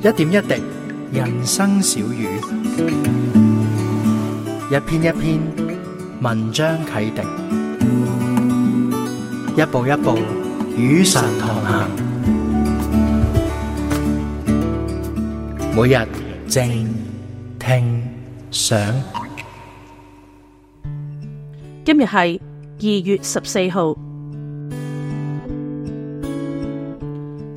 一點一滴，人生小語；一篇一篇，文章啟迪；一步一步，與散同行。每日靜聽想，今日係二月十四號。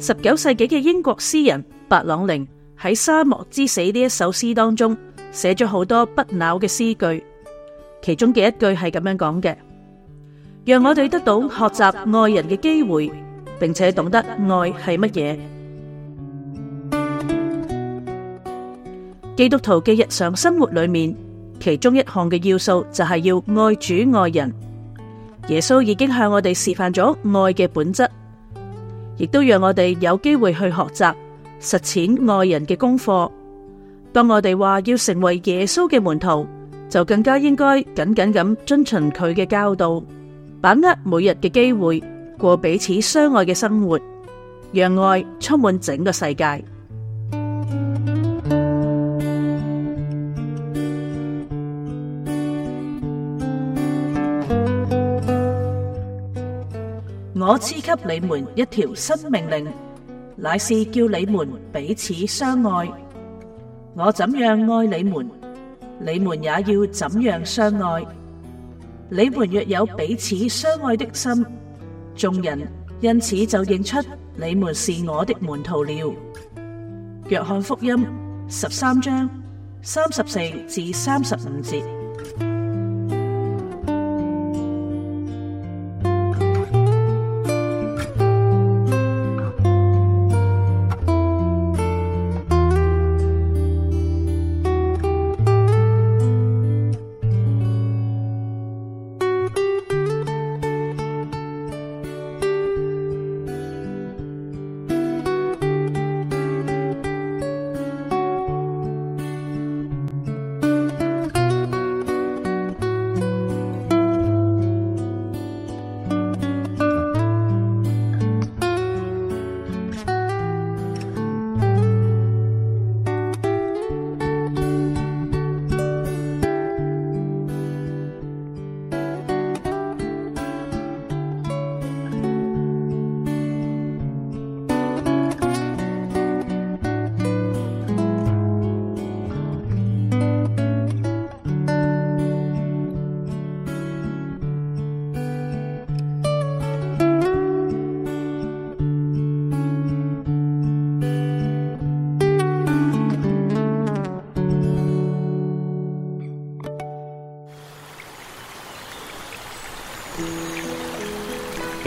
十九世紀嘅英國詩人白朗寧喺《沙漠之死》呢一首詩當中寫咗好多不朽嘅詩句，其中嘅一句係咁樣講嘅：「讓我哋得到學習愛人嘅機會，並且懂得愛係乜嘢。」基督徒嘅日常生活裏面，其中一項嘅要素就係要愛主愛人。耶穌已經向我哋示範咗愛嘅本質。亦都讓我哋有機會去學習實踐愛人嘅功課。當我哋話要成為耶穌嘅門徒，就更加應該緊緊咁遵循佢嘅教導，把握每日嘅機會，過彼此相愛嘅生活，讓愛充滿整個世界。我賜給你們一條新命令，乃是叫你們彼此相愛。我怎樣愛你們，你們也要怎樣相愛。你們若有彼此相愛的心，眾人因此就認出你們是我的門徒了。約翰福音十三章三十四至三十五節。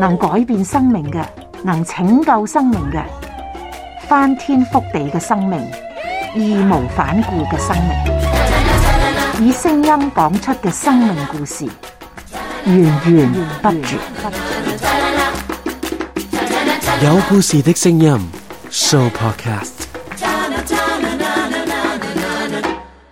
能改變生命嘅，能拯救生命嘅，翻天覆地嘅生命，義無反顧嘅生命，以聲音講出嘅生命故事，源源不絕。有故事的聲音，Sooo Podcast。